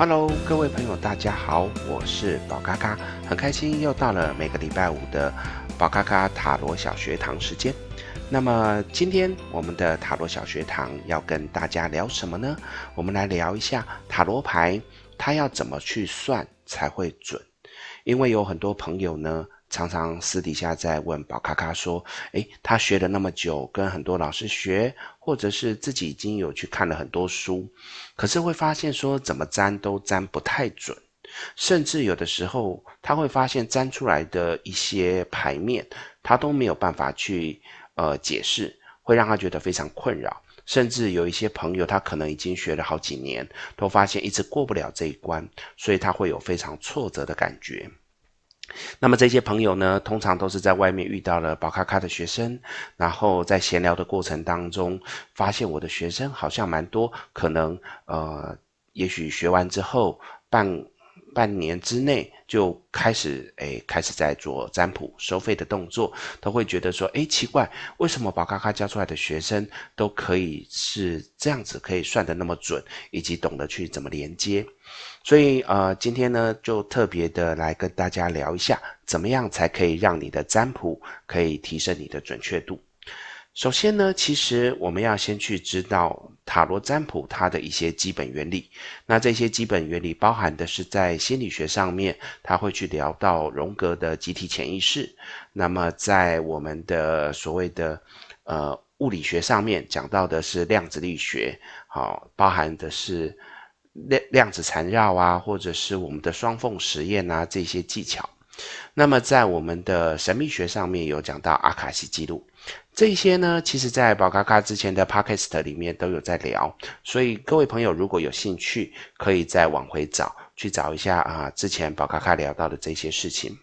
Hello，各位朋友，大家好，我是寶咖咖，很開心又到了每個禮拜五的寶咖咖塔羅小學堂時間。那麼今天我們的塔羅小學堂要跟大家聊什麼呢？我們來聊一下塔羅牌，它要怎麼去算才會準？因為有很多朋友呢，常常私底下在問寶咖咖說：“誒，他學了那麼久，跟很多老師學，或者是自己已經有去看了很多書，可是會發現說怎麼占都占不太準，甚至有的時候他會發現占出來的一些牌面，他都沒有辦法去呃解釋，會讓他覺得非常困擾。甚至有一些朋友，他可能已經學了好幾年，都發現一直過不了這一關，所以他會有非常挫折的感覺。”那麼這些朋友呢，通常都是在外面遇到了寶咖咖的學生，然後在閒聊的過程當中，發現我的學生好像蠻多，可能呃，也許學完之後半半年之內就開始，哎，開始在做占卜收費的動作，都會覺得說，哎，奇怪，為什麼寶咖咖教出來的學生都可以是這樣子，可以算得那麼準，以及懂得去怎麼連接？所以，呃，今天呢，就特別的來跟大家聊一下，怎麼樣才可以讓你的占卜可以提升你的準確度。首先呢，其實我們要先去知道塔羅占卜它的一些基本原理。那這些基本原理包含的是在心理學上面，他會去聊到榮格的集體潛意識。那麼在我們的所謂的呃物理學上面，講到的是量子力學，好、哦，包含的是量量子纏繞啊，或者是我們的雙縫實驗啊這些技巧。那麼在我們的神秘學上面，有講到阿卡西記錄。這些呢，其實在寶咖咖之前的 podcast 裡面都有在聊，所以各位朋友如果有興趣，可以再往回找去找一下啊、呃，之前寶咖咖聊到的這些事情。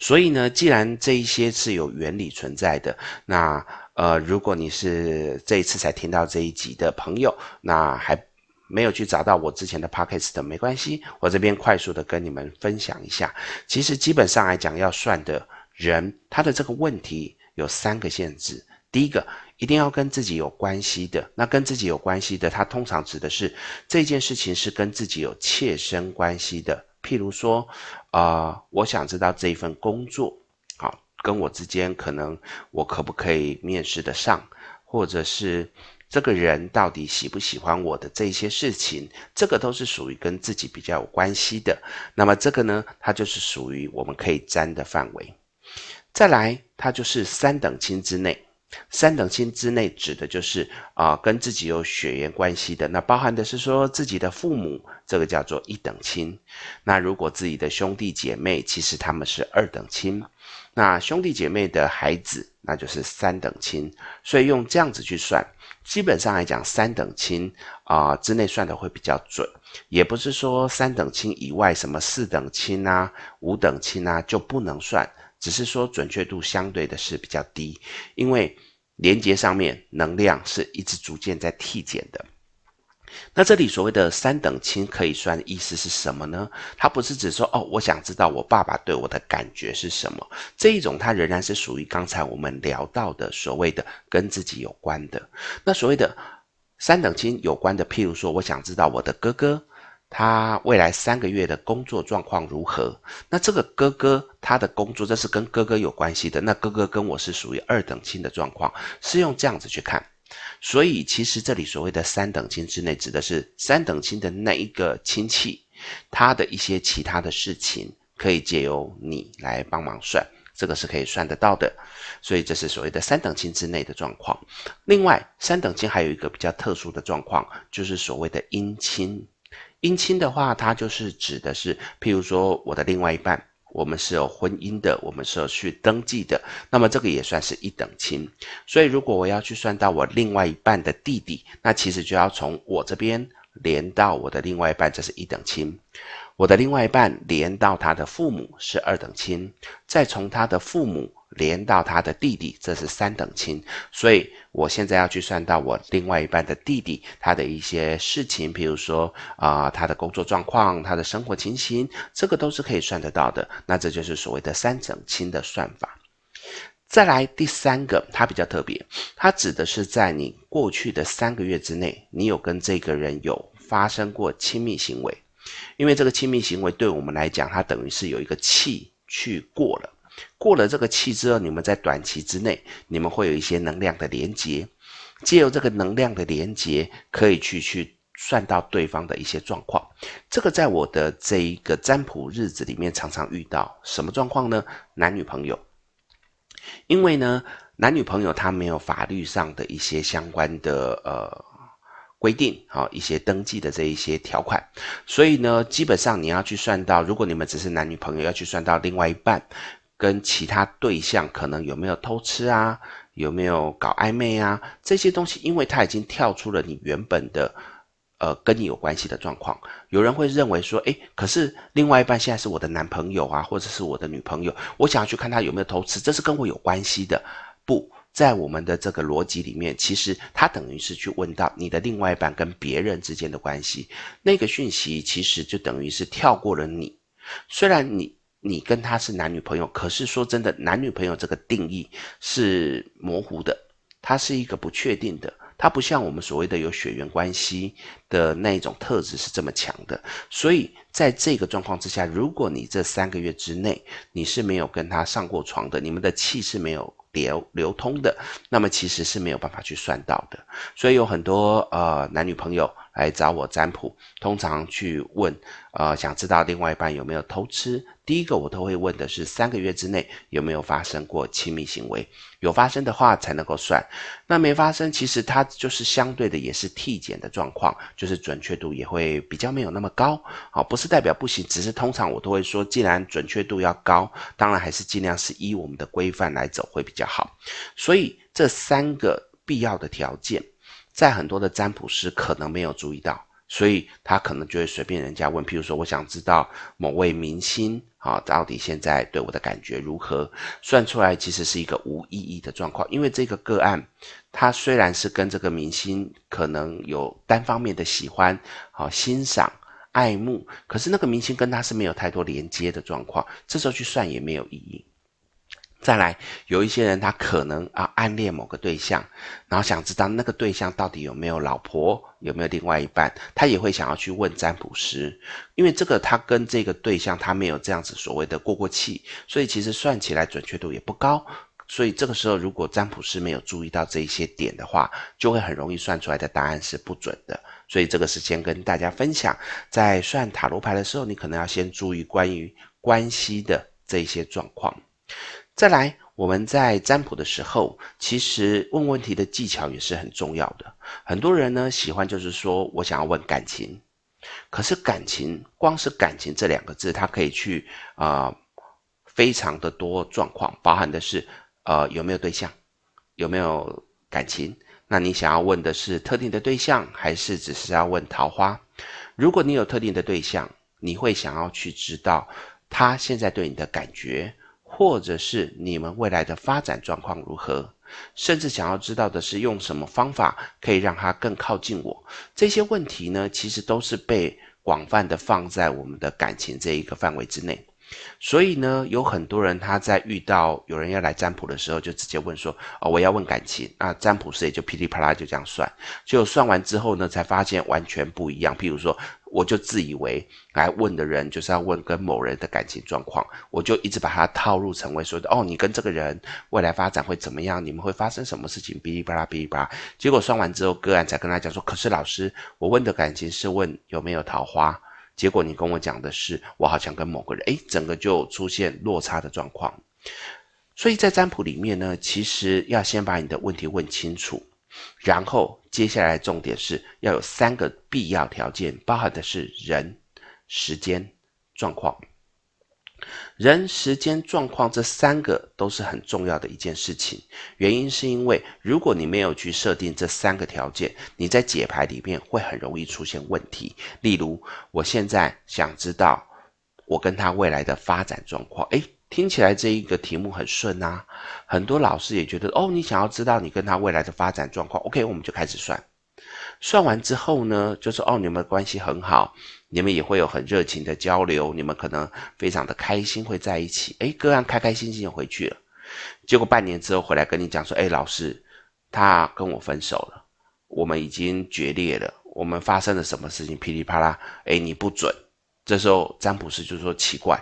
所以呢，既然這一些是有原理存在的，那呃，如果你是這一次才聽到這一集的朋友，那還沒有去找到我之前的 podcast 沒關係，我這邊快速的跟你們分享一下，其實基本上來講，要算的人他的這個問題。有三個限制，第一個一定要跟自己有關係的。那跟自己有關係的，它通常指的是這件事情是跟自己有切身關係的。譬如說，啊、呃，我想知道這一份工作，好、啊，跟我之間可能我可不可以面試得上，或者是這個人到底喜不喜歡我的這一些事情，這個都是屬於跟自己比較有關係的。那麼這個呢，它就是屬於我們可以占的範圍。再來，它就是三等親之內。三等親之內指的就是啊、呃，跟自己有血緣關係的。那包含的是說自己的父母，這個叫做一等親。那如果自己的兄弟姐妹，其實他們是二等親。那兄弟姐妹的孩子，那就是三等親。所以用這樣子去算，基本上來講，三等親啊、呃，之內算的會比較準。也不是說三等親以外，什麼四等親啊、五等親啊就不能算。只是說準確度相對的是比較低，因為連接上面能量是一直逐漸在遞減的。那這裡所謂的三等親可以算，意思是什麼呢？它不是指說哦，我想知道我爸爸對我的感覺是什麼這一種，它仍然是屬於剛才我們聊到的所謂的跟自己有關的。那所謂的三等親有關的，譬如說我想知道我的哥哥。他未來三個月的工作狀況如何？那這個哥哥他的工作，這是跟哥哥有關係的。那哥哥跟我是屬於二等親的狀況，是用這樣子去看。所以其實這裡所謂的三等親之內，指的是三等親的那一個親戚，他的一些其他的事情可以借由你來幫忙算，這個是可以算得到的。所以這是所謂的三等親之內的狀況。另外，三等親還有一個比較特殊的狀況，就是所謂的姻親。姻親的話，它就是指的是，譬如說我的另外一半，我們是有婚姻的，我們是有去登記的，那麼這個也算是一等親。所以如果我要去算到我另外一半的弟弟，那其實就要從我這邊連到我的另外一半，這是一等親。我的另外一半連到他的父母是二等親，再從他的父母，連到他的弟弟，這是三等親，所以我現在要去算到我另外一半的弟弟他的一些事情，比如說啊、呃，他的工作狀況、他的生活情形，這個都是可以算得到的。那這就是所謂的三等親的算法。再來第三個，它比較特別，它指的是在你過去的三個月之內，你有跟這個人有發生過親密行為，因為這個親密行為對我們來講，它等於是有一個氣去過了。過了這個期之後，你們在短期之內，你們會有一些能量的連接，借由這個能量的連接，可以去去算到對方的一些狀況。這個在我的這一個占卜日子裡面常常遇到什麼狀況呢？男女朋友，因為呢男女朋友他沒有法律上的一些相關的呃規定，好、哦、一些登記的這一些條款，所以呢基本上你要去算到，如果你們只是男女朋友，要去算到另外一半。跟其他對象可能有沒有偷吃啊，有沒有搞曖昧啊？這些東西，因為他已經跳出了你原本的，呃，跟你有關係的狀況。有人會認為說，誒，可是另外一半現在是我的男朋友啊，或者是我的女朋友，我想要去看他有沒有偷吃，這是跟我有關係的。不在我們的這個邏輯裡面，其實他等於是去問到你的另外一半跟別人之間的關係，那個訊息其實就等於是跳過了你，雖然你。你跟他是男女朋友，可是說真的，男女朋友這個定義是模糊的，它是一個不確定的，它不像我們所謂的有血緣關係的那一種特質是這麼強的。所以在這個狀況之下，如果你這三個月之內你是沒有跟他上過床的，你們的氣是沒有流流通的，那麼其實是沒有辦法去算到的。所以有很多，呃，男女朋友。來找我占卜，通常去問，呃，想知道另外一半有沒有偷吃。第一個我都會問的是三個月之內有沒有發生過親密行為，有發生的話才能夠算。那沒發生，其實它就是相對的也是遞減的狀況，就是準確度也會比較沒有那麼高。好，不是代表不行，只是通常我都會說，既然準確度要高，當然還是儘量是依我們的規範來走會比較好。所以這三個必要的條件。在很多的占卜師可能沒有注意到，所以他可能就會隨便人家問，譬如說我想知道某位明星啊，到底現在對我的感覺如何？算出來其實是一個無意義的狀況，因為這個個案，他雖然是跟這個明星可能有單方面的喜歡、好欣賞、愛慕，可是那個明星跟他是沒有太多連接的狀況，這時候去算也沒有意義。再來，有一些人他可能啊暗戀某個對象，然後想知道那個對象到底有沒有老婆，有沒有另外一半，他也會想要去問占卜師，因為這個他跟這個對象他沒有這樣子所謂的過過氣，所以其實算起來準確度也不高。所以這個時候如果占卜師沒有注意到這一些點的話，就會很容易算出來的答案是不準的。所以這個是先跟大家分享，在算塔羅牌的時候，你可能要先注意關於關係的這一些狀況。再來，我們在占卜的時候，其實問問題的技巧也是很重要的。很多人呢喜歡就是說我想要問感情，可是感情光是感情這兩個字，它可以去啊、呃、非常的多狀況，包含的是呃有沒有對象，有沒有感情？那你想要問的是特定的對象，還是只是要問桃花？如果你有特定的對象，你會想要去知道他現在對你的感覺。或者是你們未來的發展狀況如何？甚至想要知道的是用什麼方法可以讓他更靠近我？這些問題呢，其實都是被廣泛的放在我們的感情這一個範圍之內。所以呢，有很多人他在遇到有人要來占卜的時候，就直接問說：“哦，我要問感情啊。”那占卜師也就噼里啪啦就這樣算，就算完之後呢，才發現完全不一樣。譬如說。我就自以為來問的人就是要問跟某人的感情狀況，我就一直把他套入成為說的，哦，你跟這個人未來發展會怎麼樣，你們會發生什麼事情，嗶哩吧啦，嗶哩吧啦。結果算完之後，個案才跟他講說，可是老師，我問的感情是問有沒有桃花，結果你跟我講的是我好像跟某個人，誒，整個就出現落差的狀況。所以在占卜裡面呢，其實要先把你的問題問清楚。然後接下來重點是要有三個必要條件，包含的是人、時間、狀況。人、時間、狀況，這三個都是很重要的一件事情。原因是因為如果你沒有去設定這三個條件，你在解牌裡面會很容易出現問題。例如，我現在想知道我跟他未來的發展狀況，誒聽起來這一個題目很順啊，很多老師也覺得哦，你想要知道你跟他未來的發展狀況，OK，我們就開始算。算完之後呢，就是哦，你們的關係很好，你們也會有很熱情的交流，你們可能非常的開心會在一起，哎，個案開開心心也回去了。結果半年之後回來跟你講說，哎，老師，他跟我分手了，我們已經決裂了，我們發生了什麼事情？噼裡啪啦，哎，你不準。這時候占卜師就說奇怪。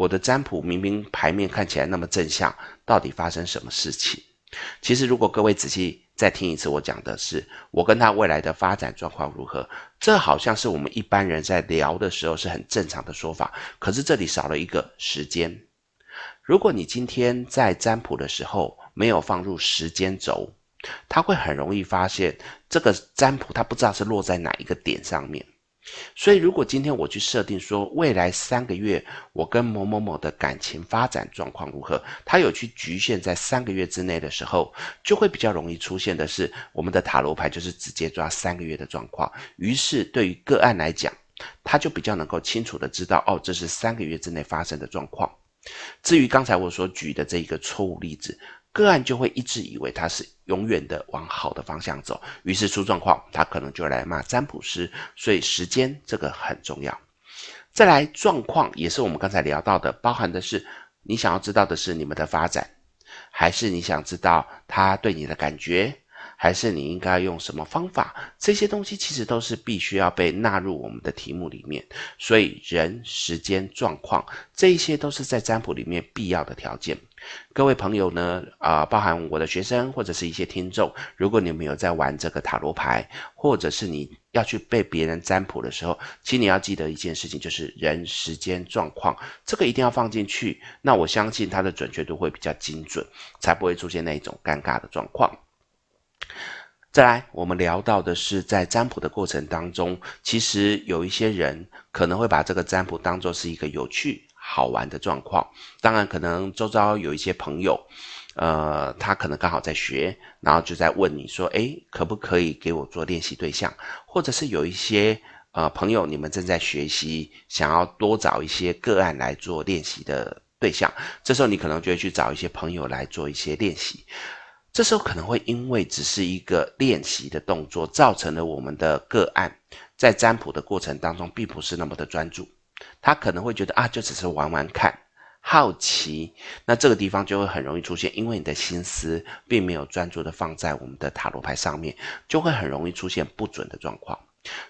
我的占卜，明明牌面看起來那麼正向，到底發生什麼事情？其實如果各位仔細再聽一次我講的是，我跟他未來的發展狀況如何，這好像是我們一般人在聊的時候是很正常的說法。可是這裡少了一個時間。如果你今天在占卜的時候沒有放入時間軸，他會很容易發現這個占卜，他不知道是落在哪一個點上面。所以，如果今天我去設定說未來三個月我跟某某某的感情發展狀況如何，他有去局限在三個月之內的時候，就會比較容易出現的是，我們的塔羅牌就是直接抓三個月的狀況。於是，對於個案來講，他就比較能夠清楚的知道，哦，這是三個月之內發生的狀況。至於剛才我所舉的這一個錯誤例子。個案就會一直以為他是永遠的往好的方向走，於是出狀況，他可能就來罵占卜師。所以時間這個很重要。再來，狀況也是我們剛才聊到的，包含的是你想要知道的是你們的發展，還是你想知道他對你的感覺？還是你應該用什麼方法？這些東西其實都是必須要被納入我們的題目裡面。所以，人、時間、狀況，這一些都是在占卜裡面必要的條件。各位朋友呢，啊、呃，包含我的學生或者是一些聽眾，如果你沒有在玩這個塔羅牌，或者是你要去被別人占卜的時候，請你要記得一件事情，就是人、時間、狀況，這個一定要放進去。那我相信它的準確度會比較精準，才不會出現那一種尷尬的狀況。再來，我們聊到的是在占卜的過程當中，其實有一些人可能會把這個占卜當作是一個有趣、好玩的狀況。當然，可能周遭有一些朋友，呃，他可能剛好在學，然後就在問你說：“欸，可不可以給我做練習對象？”或者是有一些呃朋友，你們正在學習，想要多找一些個案來做練習的對象。這時候，你可能就會去找一些朋友來做一些練習。這時候可能會因為只是一個練習的動作，造成了我們的個案在占卜的過程當中，並不是那麼的專注。他可能會覺得啊，就只是玩玩看，好奇，那這個地方就會很容易出現，因為你的心思並沒有專注的放在我們的塔羅牌上面，就會很容易出現不準的狀況。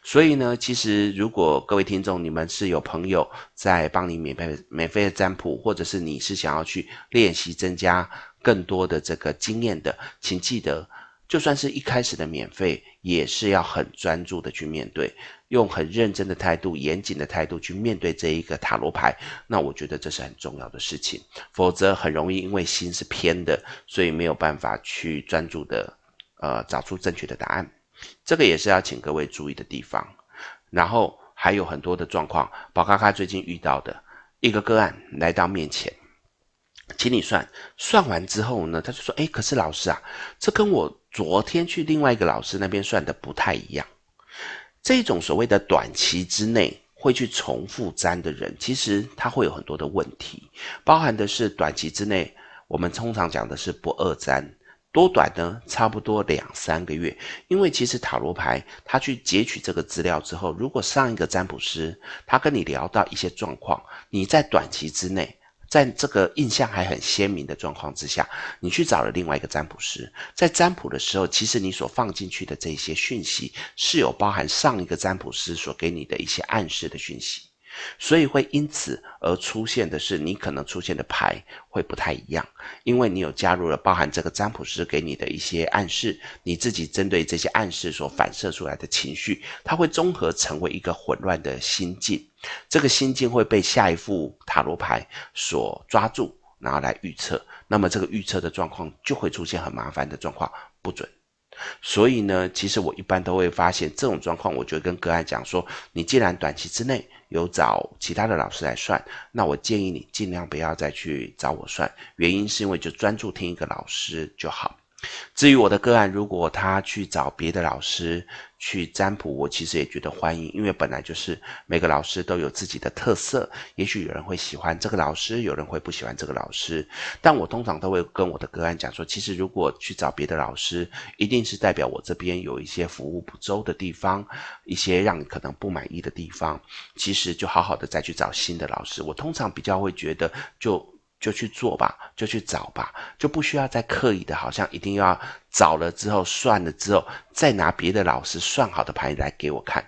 所以呢，其實如果各位聽眾，你們是有朋友在幫你免費免費的占卜，或者是你是想要去練習增加更多的這個經驗的，請記得，就算是一開始的免費，也是要很專注的去面對，用很認真的態度、嚴謹的態度去面對這一個塔羅牌。那我覺得這是很重要的事情，否則很容易因為心是偏的，所以沒有辦法去專注的，呃，找出正確的答案。這個也是要請各位注意的地方，然後還有很多的狀況，寶咖咖最近遇到的一個個案來到面前，請你算算完之後呢，他就說，誒，可是老師啊，這跟我昨天去另外一個老師那邊算的不太一樣。這種所謂的短期之內會去重複佔的人，其實他會有很多的問題，包含的是短期之內，我們通常講的是不二佔。多短呢？差不多兩三個月。因為其實塔羅牌，他去截取這個資料之後，如果上一個占卜師他跟你聊到一些狀況，你在短期之內，在這個印象還很鮮明的狀況之下，你去找了另外一個占卜師。在占卜的時候，其實你所放進去的這些訊息是有包含上一個占卜師所給你的一些暗示的訊息。所以會因此而出現的是，你可能出現的牌會不太一樣，因為你有加入了包含這個占卜師給你的一些暗示，你自己針對這些暗示所反射出來的情緒，它會綜合成為一個混亂的心境，這個心境會被下一副塔羅牌所抓住，然後來預測，那麼這個預測的狀況就會出現很麻煩的狀況，不準。所以呢，其實我一般都會發現這種狀況，我就跟個案講說：你既然短期之內有找其他的老師來算，那我建議你儘量不要再去找我算。原因是因為就專注聽一個老師就好。至於我的個案，如果他去找別的老師去占卜，我其實也覺得歡迎，因為本來就是每個老師都有自己的特色。也許有人會喜歡這個老師，有人會不喜歡這個老師。但我通常都會跟我的個案講說，其實如果去找別的老師，一定是代表我這邊有一些服務不周的地方，一些讓你可能不滿意的地方。其實就好好的再去找新的老師。我通常比較會覺得就。就去做吧，就去找吧，就不需要再刻意的，好像一定要找了之後算了之後，再拿別的老師算好的牌來給我看，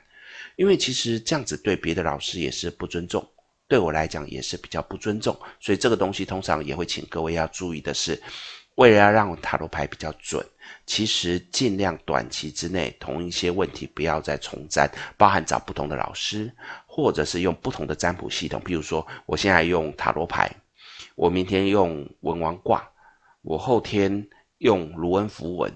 因為其實這樣子對別的老師也是不尊重，對我來講也是比較不尊重，所以這個東西通常也會請各位要注意的是，為了要讓塔羅牌比較準，其實儘量短期之內同一些問題不要再重占，包含找不同的老師，或者是用不同的占卜系統，比如說我現在用塔羅牌。我明天用文王卦，我後天用盧恩符文，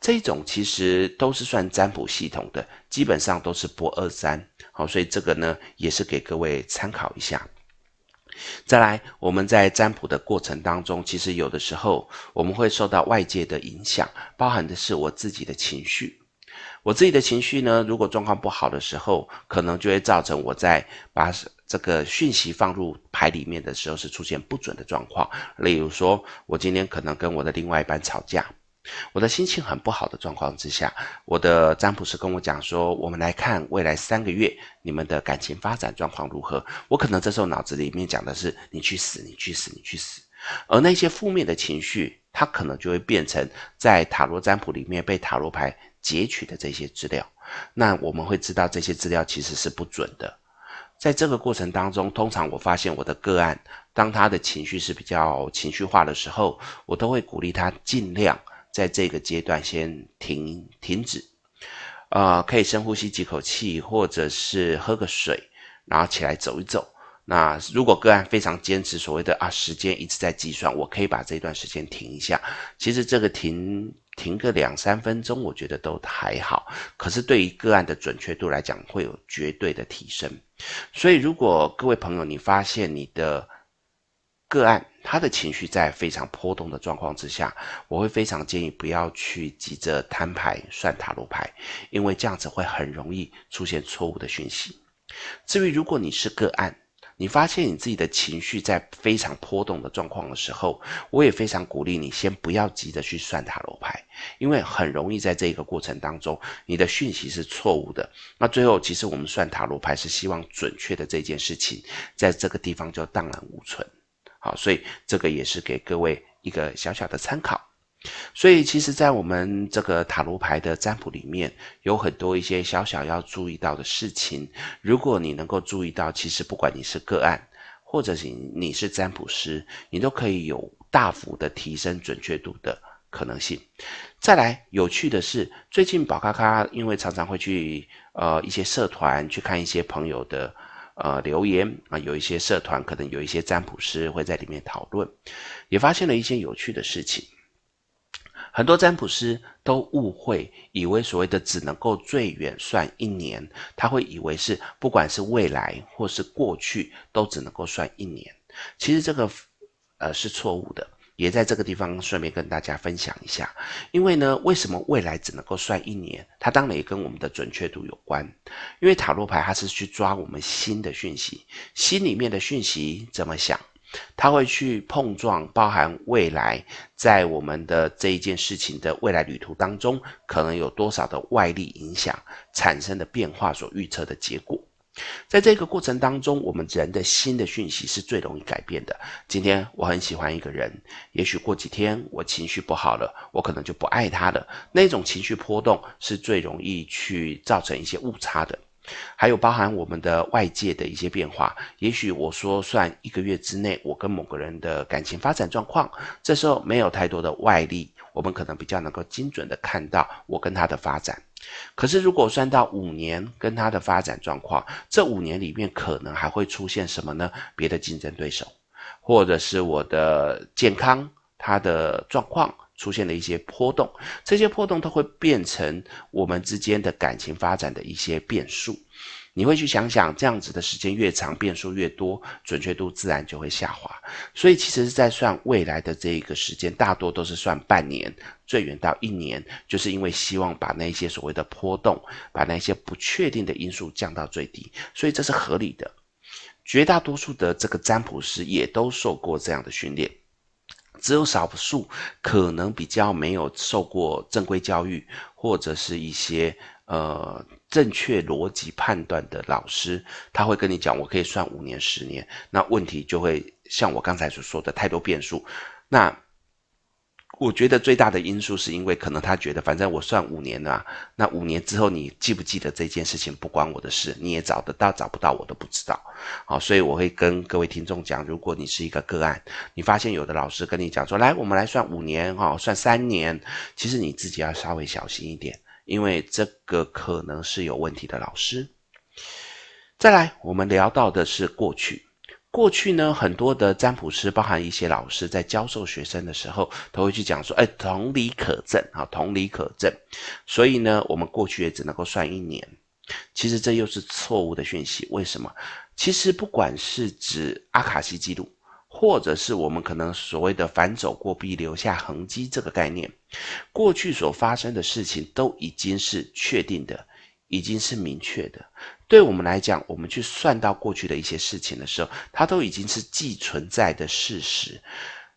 這一種其實都是算占卜系統的，基本上都是波二三。好，所以這個呢也是給各位參考一下。再來，我們在占卜的過程當中，其實有的時候我們會受到外界的影響，包含的是我自己的情緒。我自己的情緒呢，如果狀況不好的時候，可能就會造成我在把這個訊息放入牌裡面的時候是出現不準的狀況。例如說，我今天可能跟我的另外一半吵架，我的心情很不好的狀況之下，我的占卜師跟我講說，我們來看未來三個月你們的感情發展狀況如何。我可能這時候腦子裡面講的是“你去死，你去死，你去死”，而那些負面的情緒，它可能就會變成在塔羅占卜裡面被塔羅牌截取的這些資料，那我們會知道這些資料其實是不準的。在這個過程當中，通常我發現我的個案，當他的情緒是比較情緒化的時候，我都會鼓勵他儘量在這個階段先停停止。呃，可以深呼吸幾口氣，或者是喝個水，然後起來走一走。那如果個案非常堅持所謂的啊時間一直在計算，我可以把這段時間停一下。其實這個停停個兩三分鐘，我覺得都還好。可是對於個案的準確度來講，會有絕對的提升。所以如果各位朋友，你發現你的個案他的情緒在非常波動的狀況之下，我會非常建議不要去急着攤牌算塔羅牌，因為這樣子會很容易出現錯誤的訊息。至於如果你是個案，你發現你自己的情緒在非常波動的狀況的時候，我也非常鼓勵你先不要急着去算塔羅牌，因為很容易在這個過程當中，你的訊息是錯誤的。那最後，其實我們算塔羅牌是希望準確的這件事情，在這個地方就蕩然無存。好，所以這個也是給各位一個小小的參考。所以，其實，在我們這個塔羅牌的占卜裡面，有很多一些小小要注意到的事情。如果你能夠注意到，其實不管你是個案，或者是你是占卜師，你都可以有大幅的提升準確度的可能性。再來，有趣的是，最近寶咖咖因為常常會去呃一些社團去看一些朋友的呃留言啊、呃，有一些社團可能有一些占卜師會在裡面討論，也發現了一些有趣的事情。很多占卜師都誤會，以為所謂的只能夠最遠算一年，他會以為是不管是未來或是過去都只能夠算一年。其實這個，呃，是錯誤的。也在這個地方順便跟大家分享一下，因為呢，為什麼未來只能夠算一年？它當然也跟我們的準確度有關。因為塔羅牌它是去抓我們心的訊息，心裡面的訊息怎麼想？他會去碰撞，包含未來在我們的這一件事情的未來旅途當中，可能有多少的外力影響產生的變化所預測的結果。在這個過程當中，我們人的心的訊息是最容易改變的。今天我很喜歡一個人，也許過幾天我情緒不好了，我可能就不愛他了。那種情緒波動是最容易去造成一些誤差的。還有包含我們的外界的一些變化，也許我說算一個月之內，我跟某個人的感情發展狀況，這時候沒有太多的外力，我們可能比較能夠精準的看到我跟他的發展。可是如果算到五年跟他的發展狀況，這五年裡面可能還會出現什麼呢？別的競爭對手，或者是我的健康，他的狀況。出現了一些波動，這些波動它會變成我們之間的感情發展的一些變數。你會去想想，這樣子的時間越長，變數越多，準確度自然就會下滑。所以其實是在算未來的這一個時間，大多都是算半年，最遠到一年，就是因為希望把那些所謂的波動，把那些不確定的因素降到最低，所以這是合理的。絕大多數的這個占卜師也都受過這樣的訓練。只有少數可能比較沒有受過正規教育，或者是一些呃正確邏輯判斷的老師，他會跟你講，我可以算五年、十年，那問題就會像我剛才所說的太多變數，那。我覺得最大的因素是因為可能他覺得，反正我算五年了啊，那五年之後你記不記得這件事情不關我的事，你也找得到找不到我都不知道。好，所以我會跟各位聽眾講，如果你是一個個案，你發現有的老師跟你講說，來我們來算五年，哈，算三年，其實你自己要稍微小心一點，因為這個可能是有問題的老師。再來，我們聊到的是過去。過去呢，很多的占卜師，包含一些老師，在教授學生的時候，都會去講說，哎，同理可證啊，同理可證。所以呢，我們過去也只能夠算一年。其實這又是錯誤的訊息。為什麼？其實不管是指阿卡西記錄，或者是我們可能所謂的凡走過必留下痕跡這個概念，過去所發生的事情都已經是確定的，已經是明確的。對我們來講，我們去算到過去的一些事情的時候，它都已經是既存在的事實，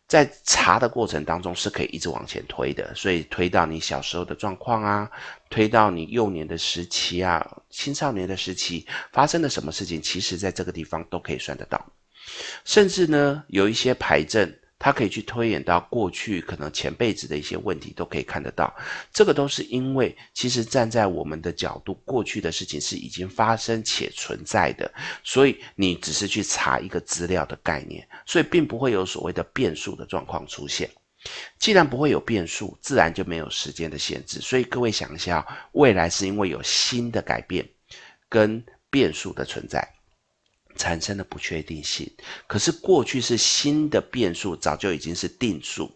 在查的過程當中是可以一直往前推的，所以推到你小時候的狀況啊，推到你幼年的時期啊，青少年的時期發生了什麼事情，其實在這個地方都可以算得到，甚至呢，有一些牌陣，他可以去推演到過去，可能前輩子的一些問題都可以看得到，這個都是因為，其實站在我們的角度，過去的事情是已經發生且存在的，所以你只是去查一個資料的概念，所以並不會有所謂的變數的狀況出現。既然不會有變數，自然就沒有時間的限制。所以各位想一下，未來是因為有新的改變跟變數的存在。產生的不確定性，可是過去是新的變數，早就已經是定數，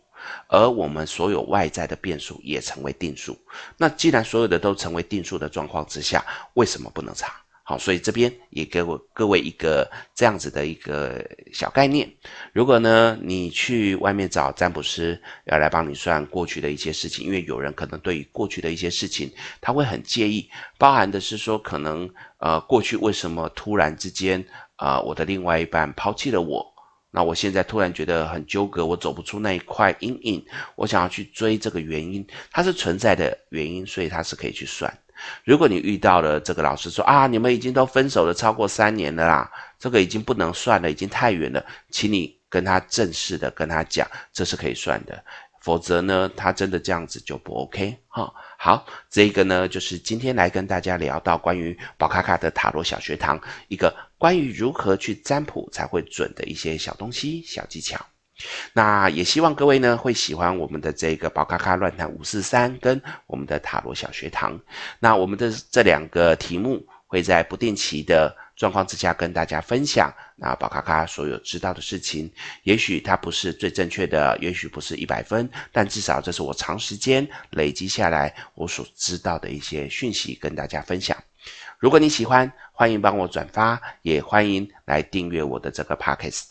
而我們所有外在的變數也成為定數。那既然所有的都成為定數的狀況之下，為什麼不能查？好，所以這邊也給我各位一個這樣子的一個小概念。如果呢，你去外面找占卜師要來幫你算過去的一些事情，因為有人可能對於過去的一些事情他會很介意，包含的是說，可能呃過去為什麼突然之間。啊、呃，我的另外一半拋棄了我,那我現在突然覺得很糾葛，我走不出那一塊陰影，我想要去追這個原因，它是存在的原因，所以它是可以去算。如果你遇到了這個老師說啊，你們已經都分手了超過三年了啦，這個已經不能算了，已經太遠了，請你跟他正式的跟他講，這是可以算的，否則呢，他真的這樣子就不 OK 哈。好，這個呢就是今天來跟大家聊到關於寶咖咖的塔羅小學堂一個。關於如何去占卜才會準的一些小東西、小技巧，那也希望各位呢會喜歡我們的這個寶咖咖亂談五四三跟我們的塔羅小學堂。那我們的這兩個題目會在不定期的狀況之下跟大家分享。那寶咖咖所有知道的事情，也許它不是最正確的，也許不是一百分，但至少這是我長時間累積下來我所知道的一些訊息跟大家分享。如果你喜歡，歡迎幫我轉發，也歡迎來訂閱我的這個 podcast。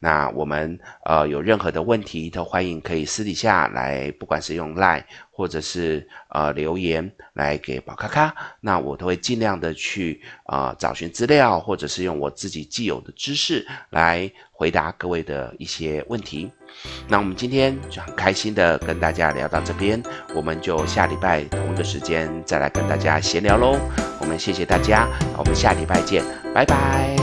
那我們呃有任何的問題，都歡迎可以私底下來，不管是用 line。或者是呃留言，來給寶咖咖，那我都會盡量的去啊、呃、找尋資料，或者是用我自己既有的知識來回答各位的一些問題。那我們今天就很開心的跟大家聊到這邊，我們就下禮拜同一個時間再來跟大家閒聊嘍。我們謝謝大家，那我們下禮拜見，拜拜。